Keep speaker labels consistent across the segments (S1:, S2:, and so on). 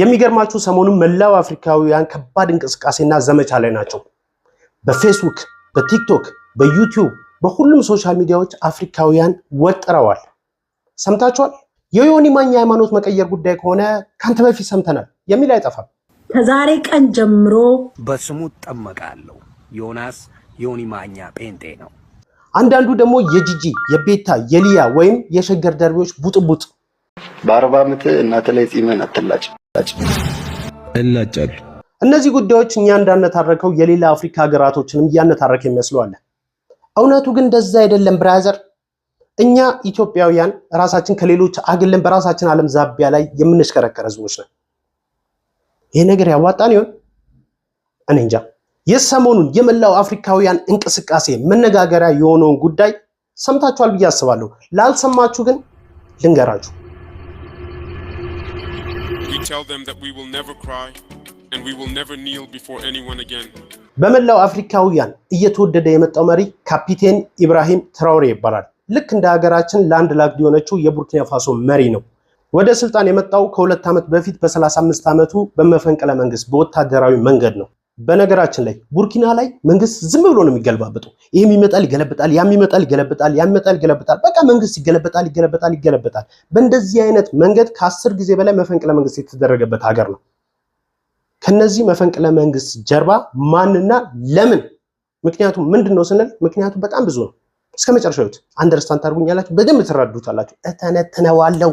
S1: የሚገርማችሁ ሰሞኑን መላው አፍሪካውያን ከባድ እንቅስቃሴና ዘመቻ ላይ ናቸው። በፌስቡክ፣ በቲክቶክ፣ በዩቲዩብ በሁሉም ሶሻል ሚዲያዎች አፍሪካውያን ወጥረዋል። ሰምታችኋል። የዮኒ ማኛ ሃይማኖት መቀየር ጉዳይ ከሆነ ከአንተ በፊት ሰምተናል የሚል አይጠፋም።
S2: ከዛሬ ቀን ጀምሮ በስሙ ጠመቃለሁ። ዮናስ ዮኒ ማኛ ጴንጤ ነው።
S1: አንዳንዱ ደግሞ የጂጂ የቤታ የሊያ ወይም የሸገር ደርቢዎች ቡጥቡጥ
S3: በአርባ ዓመት እናተ ላይ ጺመን አትላጭ
S1: እላጫሉ። እነዚህ ጉዳዮች እኛ እንዳነታረከው የሌላ አፍሪካ ሀገራቶችንም እያነታረከ ይመስለዋል። እውነቱ ግን እንደዛ አይደለም ብራዘር። እኛ ኢትዮጵያውያን ራሳችን ከሌሎች አግለን በራሳችን ዓለም ዛቢያ ላይ የምንሽከረከረ ህዝቦች ነን። ይሄ ነገር ያዋጣን ይሆን? እኔ እንጃ። የሰሞኑን የመላው አፍሪካውያን እንቅስቃሴ መነጋገሪያ የሆነውን ጉዳይ ሰምታችኋል ብዬ አስባለሁ። ላልሰማችሁ ግን ልንገራችሁ። We tell them that we will never cry and we will never kneel before anyone again. በመላው አፍሪካውያን እየተወደደ የመጣው መሪ ካፒቴን ኢብራሂም ትራውሬ ይባላል። ልክ እንደ ሀገራችን ላንድ ላግድ የሆነችው የቡርኪና ፋሶ መሪ ነው። ወደ ስልጣን የመጣው ከሁለት ዓመት በፊት በ35 ዓመቱ በመፈንቅለ መንግስት በወታደራዊ መንገድ ነው። በነገራችን ላይ ቡርኪና ላይ መንግስት ዝም ብሎ ነው የሚገለባበጡ ይህም ይመጣል ይገለብጣል፣ ያም ይመጣል ይገለብጣል፣ ያም ይመጣል ይገለብጣል። በቃ መንግስት ይገለበጣል ይገለበጣል ይገለበጣል። በእንደዚህ አይነት መንገድ ከአስር ጊዜ በላይ መፈንቅለ መንግስት የተደረገበት ሀገር ነው። ከነዚህ መፈንቅለ መንግስት ጀርባ ማንና ለምን ምክንያቱም ምንድን ነው ስንል ምክንያቱም በጣም ብዙ ነው። እስከ መጨረሻው አንደርስታንድ ታደርጉኛላችሁ፣ በደንብ ትረዱታላችሁ፣ እተነትነዋለው።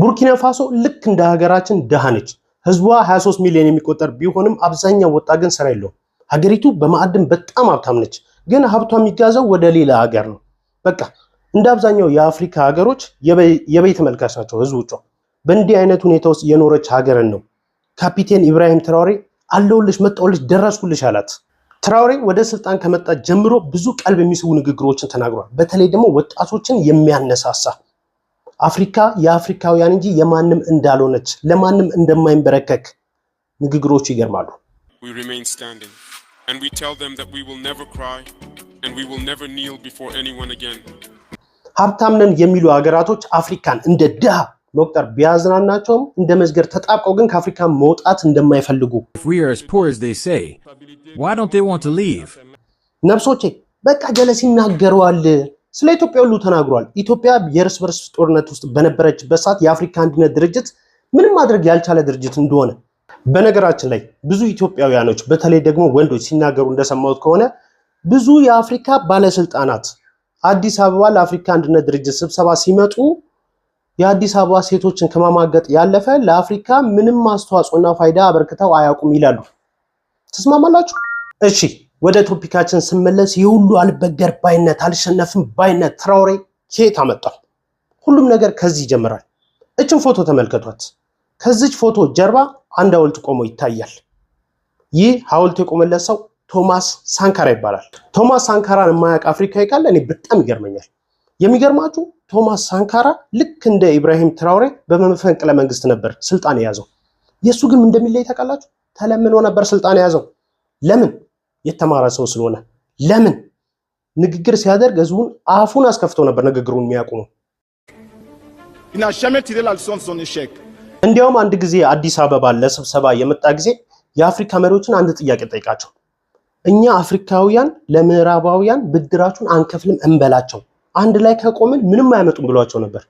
S1: ቡርኪና ፋሶ ልክ እንደ ሀገራችን ድሃ ነች። ህዝቧ 23 ሚሊዮን የሚቆጠር ቢሆንም አብዛኛው ወጣ ግን ስራ የለውም። ሀገሪቱ በማዕድን በጣም ሀብታም ነች፣ ግን ሀብቷ የሚጋዘው ወደ ሌላ ሀገር ነው። በቃ እንደ አብዛኛው የአፍሪካ ሀገሮች የቤት መልካች ናቸው ህዝቦቿ። በእንዲህ አይነት ሁኔታ ውስጥ የኖረች ሀገርን ነው ካፒቴን ኢብራሂም ትራውሬ አለውልሽ፣ መጣውልሽ፣ ደረስኩልሽ አላት። ትራውሬ ወደ ስልጣን ከመጣ ጀምሮ ብዙ ቀልብ የሚስቡ ንግግሮችን ተናግሯል። በተለይ ደግሞ ወጣቶችን የሚያነሳሳ አፍሪካ የአፍሪካውያን እንጂ የማንም እንዳልሆነች ለማንም እንደማይንበረከክ ንግግሮቹ ይገርማሉ። ሀብታም ነን የሚሉ ሀገራቶች አፍሪካን እንደ ድሃ መቁጠር ቢያዝናናቸውም እንደ መዝገር ተጣብቀው ግን ከአፍሪካ መውጣት እንደማይፈልጉ ነብሶቼ በቃ ገለ ሲናገረዋል ስለ ኢትዮጵያ ሁሉ ተናግሯል። ኢትዮጵያ የእርስ በርስ ጦርነት ውስጥ በነበረችበት ሰዓት የአፍሪካ አንድነት ድርጅት ምንም ማድረግ ያልቻለ ድርጅት እንደሆነ በነገራችን ላይ ብዙ ኢትዮጵያውያኖች በተለይ ደግሞ ወንዶች ሲናገሩ እንደሰማሁት ከሆነ ብዙ የአፍሪካ ባለስልጣናት አዲስ አበባ ለአፍሪካ አንድነት ድርጅት ስብሰባ ሲመጡ የአዲስ አበባ ሴቶችን ከማማገጥ ያለፈ ለአፍሪካ ምንም አስተዋጽኦና ፋይዳ አበርክተው አያውቁም ይላሉ። ትስማማላችሁ? እሺ ወደ ቶፒካችን ስመለስ የሁሉ አልበገር ባይነት አልሸነፍም ባይነት ትራውሬ ኬት አመጣ? ሁሉም ነገር ከዚህ ይጀምራል። እችን ፎቶ ተመልከቷት። ከዚች ፎቶ ጀርባ አንድ ሐውልት ቆሞ ይታያል። ይህ ሐውልት የቆመለት ሰው ቶማስ ሳንካራ ይባላል። ቶማስ ሳንካራን የማያውቅ አፍሪካዊ ካለ እኔ በጣም ይገርመኛል። የሚገርማችሁ ቶማስ ሳንካራ ልክ እንደ ኢብራሂም ትራውሬ በመፈንቅለ መንግስት ነበር ስልጣን የያዘው። የእሱ ግን እንደሚለይ ታውቃላችሁ? ተለምኖ ነበር ስልጣን የያዘው። ለምን? የተማረ ሰው ስለሆነ ለምን ንግግር ሲያደርግ ህዝቡን አፉን አስከፍቶ ነበር ንግግሩን የሚያቁመው እንዲያውም አንድ ጊዜ አዲስ አበባ ለስብሰባ የመጣ ጊዜ የአፍሪካ መሪዎችን አንድ ጥያቄ ጠይቃቸው፣ እኛ አፍሪካውያን ለምዕራባውያን ብድራችሁን አንከፍልም እንበላቸው፣ አንድ ላይ ከቆምን ምንም አያመጡም ብሏቸው ነበር።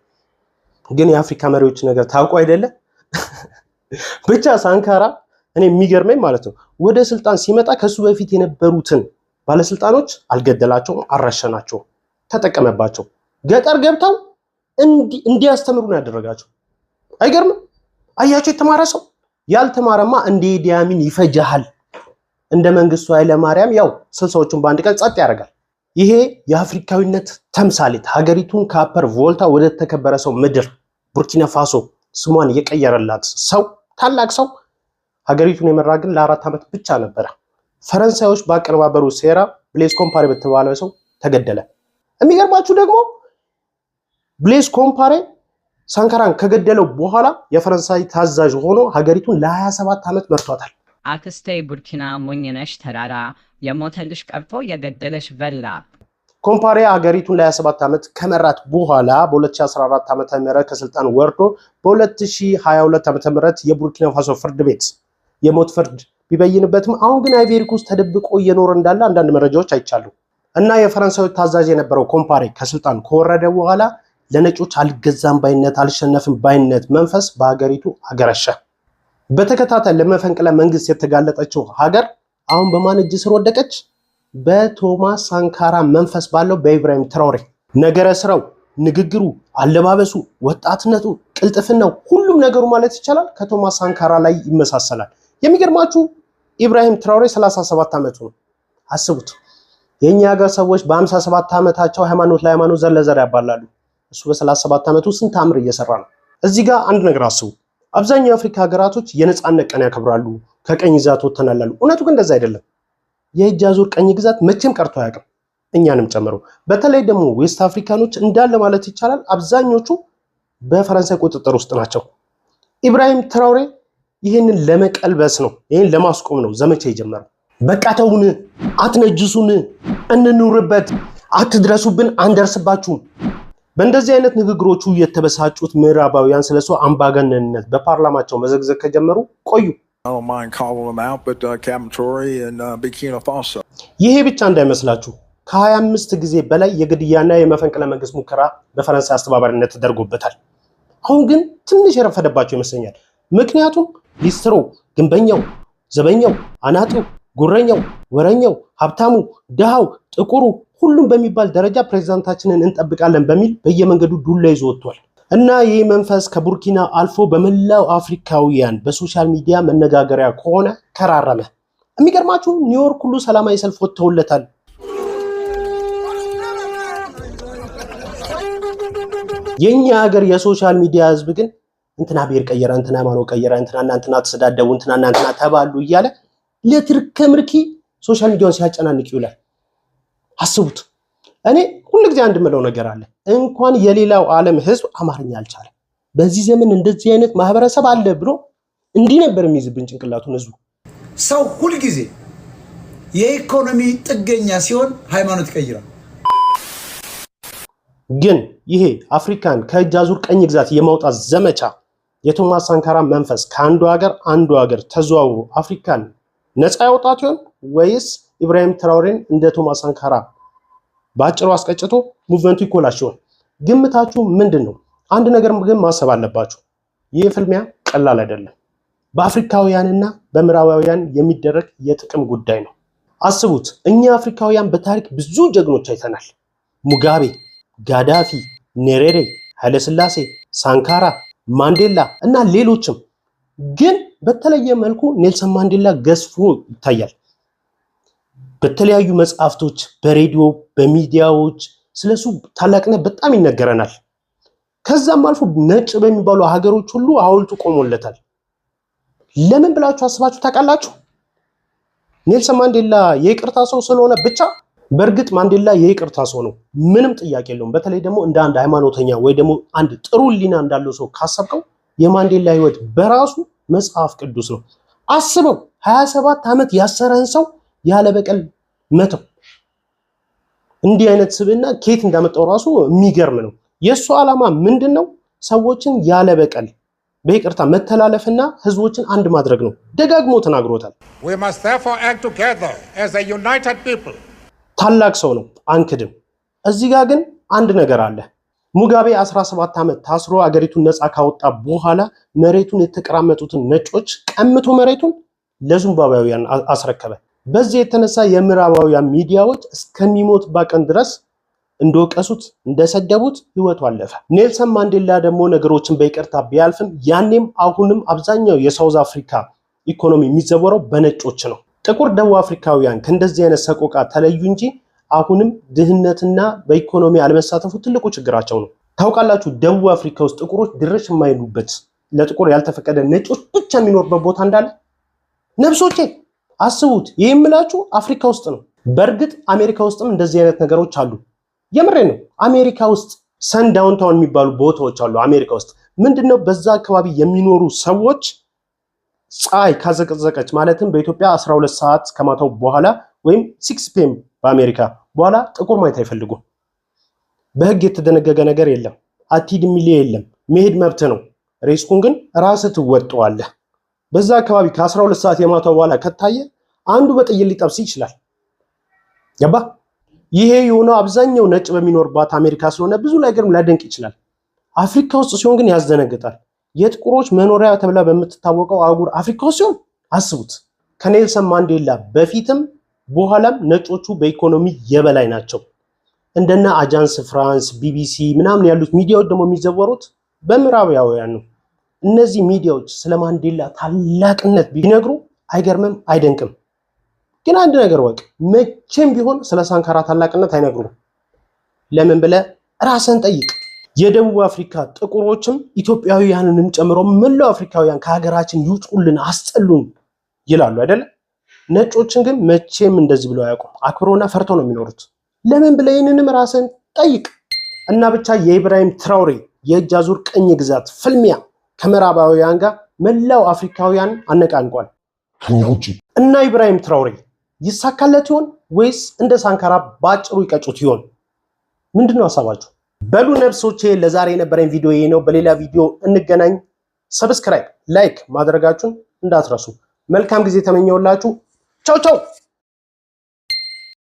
S1: ግን የአፍሪካ መሪዎች ነገር ታውቁ አይደለ? ብቻ ሳንካራ እኔ የሚገርመኝ ማለት ነው ወደ ስልጣን ሲመጣ ከሱ በፊት የነበሩትን ባለስልጣኖች አልገደላቸውም፣ አረሸናቸው፣ ተጠቀመባቸው። ገጠር ገብተው እንዲያስተምሩ ነው ያደረጋቸው። አይገርምም? አያቸው። የተማረ ሰው ያልተማረማ እንደ ኢዲ አሚን ይፈጃሃል። እንደ መንግስቱ ኃይለማርያም ያው ስልሳዎቹን በአንድ ቀን ጸጥ ያደርጋል። ይሄ የአፍሪካዊነት ተምሳሌት ሀገሪቱን ከአፐር ቮልታ ወደ ተከበረ ሰው ምድር ቡርኪና ፋሶ ስሟን የቀየረላት ሰው ታላቅ ሰው ሀገሪቱን የመራ ግን ለአራት ዓመት ብቻ ነበረ። ፈረንሳዮች በአቀነባበሩ ሴራ ብሌዝ ኮምፓሬ በተባለ ሰው ተገደለ። የሚገርማችሁ ደግሞ ብሌዝ ኮምፓሬ ሳንካራን ከገደለው በኋላ የፈረንሳይ ታዛዥ ሆኖ ሀገሪቱን ለ27 ዓመት መርቷታል።
S2: አክስቴ ቡርኪና ሞኝነሽ ተራራ የሞተልሽ ቀርቶ የገደለሽ በላ።
S1: ኮምፓሬ ሀገሪቱን ለ27 ዓመት ከመራት በኋላ በ2014 ዓ ም ከስልጣን ወርዶ በ2022 ዓ ም የቡርኪና ፋሶ ፍርድ ቤት የሞት ፍርድ ቢበይንበትም አሁን ግን አይቬሪክ ውስጥ ተደብቆ እየኖረ እንዳለ አንዳንድ መረጃዎች አይቻሉ እና የፈረንሳዩ ታዛዥ የነበረው ኮምፓሬ ከስልጣን ከወረደ በኋላ ለነጮች አልገዛም ባይነት አልሸነፍም ባይነት መንፈስ በሀገሪቱ አገረሸ። በተከታታይ ለመፈንቅለ መንግስት የተጋለጠችው ሀገር አሁን በማን እጅ ስር ወደቀች? በቶማስ ሳንካራ መንፈስ ባለው በኢብራሂም ትራውሬ። ነገረ ስራው፣ ንግግሩ፣ አለባበሱ፣ ወጣትነቱ፣ ቅልጥፍናው፣ ሁሉም ነገሩ ማለት ይቻላል ከቶማስ ሳንካራ ላይ ይመሳሰላል። የሚገርማችሁ ኢብራሂም ትራውሬ 37 ዓመቱ ነው። አስቡት። የኛ ሀገር ሰዎች በ57 ዓመታቸው ሃይማኖት ላይ ሃይማኖት ዘር ለዘር ያባላሉ። እሱ በ37 ዓመቱ ስንት አምር እየሰራ ነው። እዚህ ጋር አንድ ነገር አስቡ። አብዛኛው የአፍሪካ ሀገራቶች የነፃነት ቀን ያከብራሉ። ከቀኝ ግዛት ወተናላሉ። እውነቱ ግን እንደዛ አይደለም። የእጅ አዙር ቀኝ ግዛት መቼም ቀርቶ አያውቅም፣ እኛንም ጨምሮ። በተለይ ደግሞ ዌስት አፍሪካኖች እንዳለ ማለት ይቻላል አብዛኞቹ በፈረንሳይ ቁጥጥር ውስጥ ናቸው። ኢብራሂም ትራውሬ ይህንን ለመቀልበስ ነው፣ ይህን ለማስቆም ነው ዘመቻ የጀመረው። በቃ ተውን፣ አትነጅሱን፣ እንኑርበት፣ አትድረሱብን፣ አንደርስባችሁም። በእንደዚህ አይነት ንግግሮቹ የተበሳጩት ምዕራባውያን ስለ ሰው አምባገነንነት በፓርላማቸው መዘግዘግ ከጀመሩ ቆዩ። uh, uh, ይሄ ብቻ እንዳይመስላችሁ ከ25 ጊዜ በላይ የግድያና የመፈንቅለ መንግስት ሙከራ በፈረንሳይ አስተባባሪነት ተደርጎበታል። አሁን ግን ትንሽ የረፈደባቸው ይመስለኛል። ምክንያቱም ሊስትሮ፣ ግንበኛው፣ ዘበኛው፣ አናጡ፣ ጉረኛው፣ ወረኛው፣ ሀብታሙ፣ ድሃው፣ ጥቁሩ ሁሉም በሚባል ደረጃ ፕሬዚዳንታችንን እንጠብቃለን በሚል በየመንገዱ ዱላ ይዞ ወጥቷል። እና ይህ መንፈስ ከቡርኪና አልፎ በመላው አፍሪካውያን በሶሻል ሚዲያ መነጋገሪያ ከሆነ ከራረመ። የሚገርማችሁ ኒውዮርክ ሁሉ ሰላማዊ ሰልፍ ወጥተውለታል። የእኛ ሀገር የሶሻል ሚዲያ ህዝብ ግን እንትና ብሔር ቀየረ፣ እንትና ሃይማኖት ቀየረ፣ እንትና እንትና ተሰዳደቡ፣ እንትና እንትና ተባሉ እያለ ለትርከ ምርኪ ሶሻል ሚዲያውን ሲያጨናንቅ ይውላል። አስቡት። እኔ ሁልጊዜ አንድ ምለው ነገር አለ። እንኳን የሌላው ዓለም ህዝብ አማርኛ አልቻለ። በዚህ ዘመን እንደዚህ አይነት ማህበረሰብ አለ ብሎ እንዲህ ነበር የሚይዝብን ጭንቅላቱን ህዝቡ። ሰው ሁልጊዜ የኢኮኖሚ ጥገኛ ሲሆን ሃይማኖት ይቀይራል። ግን ይሄ አፍሪካን ከእጅ አዙር ቀኝ ግዛት የማውጣት ዘመቻ የቶማስ ሳንካራ መንፈስ ከአንዱ ሀገር አንዱ ሀገር ተዘዋውሮ አፍሪካን ነፃ ያውጣት ይሆን ወይስ ኢብራሂም ትራውሬን እንደ ቶማስ ሳንካራ በአጭሩ አስቀጭቶ ሙቭመንቱ ይኮላሽ ይሆን? ግምታችሁ ምንድን ነው? አንድ ነገር ግን ማሰብ አለባችሁ። ይህ ፍልሚያ ቀላል አይደለም። በአፍሪካውያንና በምዕራባውያን የሚደረግ የጥቅም ጉዳይ ነው። አስቡት፣ እኛ አፍሪካውያን በታሪክ ብዙ ጀግኖች አይተናል። ሙጋቤ፣ ጋዳፊ፣ ኔሬሬ፣ ኃይለስላሴ፣ ሳንካራ ማንዴላ እና ሌሎችም ግን በተለየ መልኩ ኔልሰን ማንዴላ ገዝፎ ይታያል። በተለያዩ መጽሐፍቶች፣ በሬዲዮ፣ በሚዲያዎች ስለሱ ታላቅነት በጣም ይነገረናል። ከዛም አልፎ ነጭ በሚባሉ ሀገሮች ሁሉ ሐውልቱ ቆሞለታል። ለምን ብላችሁ አስባችሁ ታውቃላችሁ? ኔልሰን ማንዴላ የይቅርታ ሰው ስለሆነ ብቻ በእርግጥ ማንዴላ የይቅርታ ሰው ነው፣ ምንም ጥያቄ የለውም። በተለይ ደግሞ እንደ አንድ ሃይማኖተኛ ወይ ደግሞ አንድ ጥሩ ሊና እንዳለው ሰው ካሰብከው የማንዴላ ህይወት በራሱ መጽሐፍ ቅዱስ ነው። አስበው ሰባት ዓመት ያሰረህን ሰው ያለ በቀል መተው። እንዲህ አይነት ስብዕና ኬት እንዳመጣው ራሱ የሚገርም ነው። የእሱ ዓላማ ምንድን ነው? ሰዎችን ያለ በቀል በይቅርታ መተላለፍና ህዝቦችን አንድ ማድረግ ነው። ደጋግሞ ተናግሮታል። ታላቅ ሰው ነው፣ አንክድም። እዚህ ጋር ግን አንድ ነገር አለ። ሙጋቤ 17 ዓመት ታስሮ አገሪቱን ነፃ ካወጣ በኋላ መሬቱን የተቀራመጡትን ነጮች ቀምቶ መሬቱን ለዙምባባውያን አስረከበ። በዚህ የተነሳ የምዕራባውያን ሚዲያዎች እስከሚሞት ባቀን ድረስ እንደወቀሱት እንደሰደቡት ህይወቱ አለፈ። ኔልሰን ማንዴላ ደግሞ ነገሮችን በይቅርታ ቢያልፍም ያኔም አሁንም አብዛኛው የሳውዝ አፍሪካ ኢኮኖሚ የሚዘወረው በነጮች ነው። ጥቁር ደቡብ አፍሪካውያን ከእንደዚህ አይነት ሰቆቃ ተለዩ እንጂ አሁንም ድህነትና በኢኮኖሚ አለመሳተፉ ትልቁ ችግራቸው ነው። ታውቃላችሁ፣ ደቡብ አፍሪካ ውስጥ ጥቁሮች ድርሽ የማይሉበት ለጥቁር ያልተፈቀደ ነጮች ብቻ የሚኖርበት ቦታ እንዳለ ነብሶቼ አስቡት። ይህ የምላችሁ አፍሪካ ውስጥ ነው። በእርግጥ አሜሪካ ውስጥም እንደዚህ አይነት ነገሮች አሉ። የምሬ ነው። አሜሪካ ውስጥ ሰን ዳውንታውን የሚባሉ ቦታዎች አሉ። አሜሪካ ውስጥ ምንድነው በዛ አካባቢ የሚኖሩ ሰዎች ፀሐይ ካዘቀዘቀች ማለትም በኢትዮጵያ 12 ሰዓት ከማታው በኋላ ወይም ሲክስ ፒኤም በአሜሪካ በኋላ ጥቁር ማየት አይፈልጉም። በህግ የተደነገገ ነገር የለም። አቲድ ሚሊየ የለም። መሄድ መብት ነው። ሬስኩን ግን ራስ ትወጣዋለህ። በዛ አካባቢ ከ12 ሰዓት የማታው በኋላ ከታየ አንዱ በጥይት ሊጠብስ ይችላል። ገባ? ይሄ የሆነው አብዛኛው ነጭ በሚኖርባት አሜሪካ ስለሆነ ብዙ ነገር ሊያደንቅ ይችላል። አፍሪካ ውስጥ ሲሆን ግን ያስደነግጣል። የጥቁሮች መኖሪያ ተብላ በምትታወቀው አህጉር አፍሪካ ሲሆን አስቡት ከኔልሰን ማንዴላ በፊትም በኋላም ነጮቹ በኢኮኖሚ የበላይ ናቸው። እንደነ አጃንስ ፍራንስ፣ ቢቢሲ ምናምን ያሉት ሚዲያዎች ደግሞ የሚዘወሩት በምዕራባውያን ነው። እነዚህ ሚዲያዎች ስለ ማንዴላ ታላቅነት ቢነግሩ አይገርምም፣ አይደንቅም። ግን አንድ ነገር ወቅ መቼም ቢሆን ስለ ሳንካራ ታላቅነት አይነግሩም። ለምን ብለ ራስን ጠይቅ። የደቡብ አፍሪካ ጥቁሮችም ኢትዮጵያውያንንም ጨምሮ መላው አፍሪካውያን ከሀገራችን ይውጡልን፣ አስጠሉን ይላሉ አይደለም። ነጮችን ግን መቼም እንደዚህ ብለው አያውቁም። አክብሮና ፈርቶ ነው የሚኖሩት። ለምን ብለህ ይህንንም ራስን ጠይቅ እና ብቻ የኢብራሂም ትራውሬ የእጅ አዙር ቅኝ ግዛት ፍልሚያ ከምዕራባውያን ጋር መላው አፍሪካውያን አነቃንቋል። እና ኢብራሂም ትራውሬ ይሳካለት ይሆን ወይስ እንደ ሳንካራ ባጭሩ ይቀጩት ይሆን? ምንድን ነው ሀሳባችሁ? በሉ ነፍሶቼ፣ ለዛሬ የነበረኝ ቪዲዮ ይሄ ነው። በሌላ ቪዲዮ እንገናኝ። ሰብስክራይብ፣ ላይክ ማድረጋችሁን እንዳትረሱ። መልካም ጊዜ ተመኘውላችሁ። ቻው ቻው።